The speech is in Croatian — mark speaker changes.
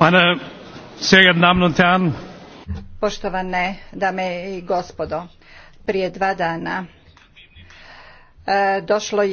Speaker 1: Meine sehr geehrten Damen und Herren,
Speaker 2: Poštovane dame i gospodo, prije dva dana
Speaker 3: e, došlo je